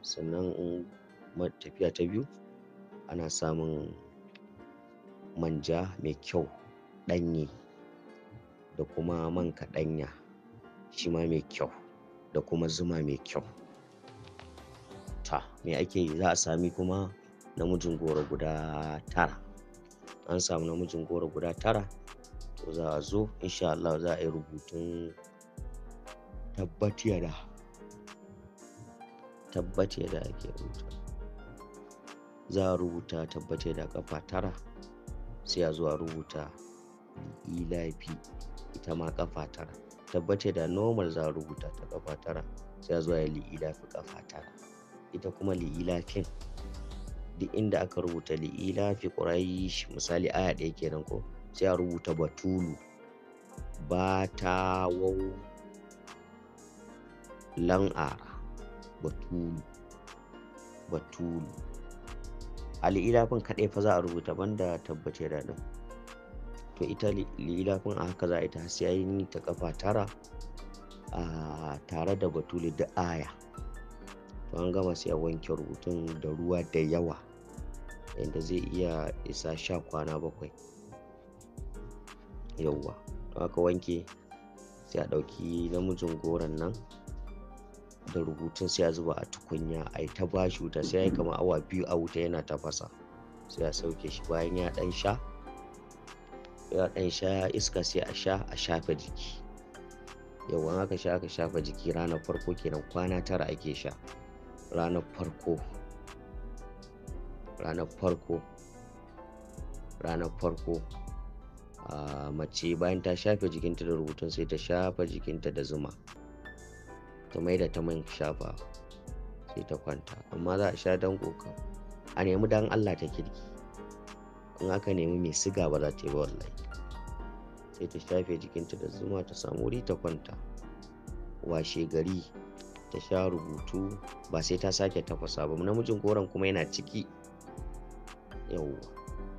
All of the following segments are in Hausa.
sannan in tafiya ta biyu ana samun manja mai kyau ɗanye da kuma man kaɗanya shi ma mai kyau da kuma zuma mai kyau ta me ake yi za a sami kuma namijin goro guda tara an samu namijin goro guda tara to za a zo insha Allah za a yi rubutun tabbatiya da tabbace da ake rubuta za a rubuta tabbace da kafa tara sai a zuwa rubuta ilafi e ita ma kafa tara tabbace da normal za a rubuta ta kafa tara sai a zuwa ya li'ilafi kafa tara ita kuma li'ilafin duk inda aka rubuta li'ilafi quraish misali aya ɗaya kenan ko sai a rubuta batulu ba ta wau lan'ara Batulu Batulu Ali kaɗai fa za a rubuta banda tabbace da ɗin to ita Ilafin a haka za a yi ta sai yi ta kafa tara a tare da Batulu da aya to an gama sai a wanke rubutun da ruwa da yawa inda zai iya isa sha kwana bakwai yauwa to aka wanke sai a ɗauki namijin goron nan da rubutun sai ya zuba a tukunya a ta bashi wuta sai ya yi kamar awa biyu a wuta yana tafasa sai ya sauke shi bayan ya dan sha ya dan sha iska sai a sha a shafe jiki yawan aka sha aka shafe jiki ranar farko kenan kwana tara ake sha ranar farko ranar farko ranar farko ah, mace bayan ta shafe jikinta da rubutun sai ta shafe jikinta da zuma ta da ta man shafa sai ta kwanta amma za a sha dan koka a nemi dan Allah ta kirki in aka nemi mai siga ba za ta yi ba wallahi sai ta shafe jikinta da zuma ta samu wuri ta kwanta washe gari ta sha rubutu ba sai ta sake tafasa ba namijin koren kuma yana ciki yawwa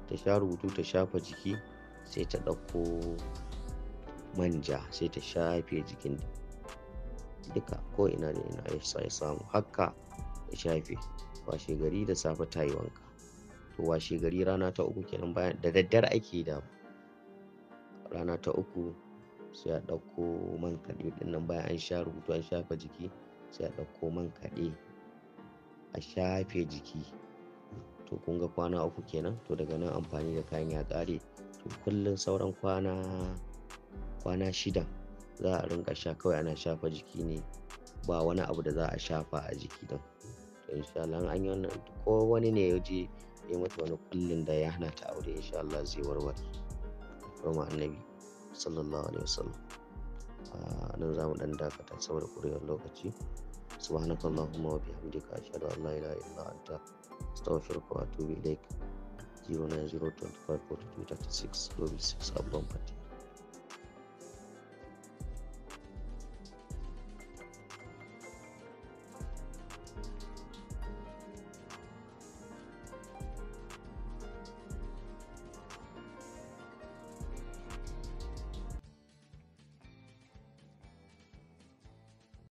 ta sha rubutu ta shafa jiki sai ta ɗauko manja sai ta shafe jikin duka ko ina da ina ya samu hakka ya shafe washe gari da safe ta yi wanka to washe gari rana ta uku kenan bayan da daddare ake da rana ta uku sai a ɗauko man kaɗe ɗin nan bayan an sha rubutu an shafa jiki sai a ɗauko man kaɗe a shafe jiki to kun ga kwana uku kenan to daga nan amfani da kayan ya ƙare to kullum sauran kwana kwana shida za a rinka sha kawai ana shafa jiki ne ba wani abu da za a shafa a jiki din to insha Allah an yi wannan ko wani ne ya je ya mata wani kullun da ya hana ta aure insha Allah zai warware kuma annabi sallallahu alaihi wasallam ah, nan za mu dan dakata saboda kurewar lokaci سبحانك اللهم وبحمدك أشهد أن لا إله إلا أنت أستغفرك وأتوب إليك 09054226 global 6 abban fati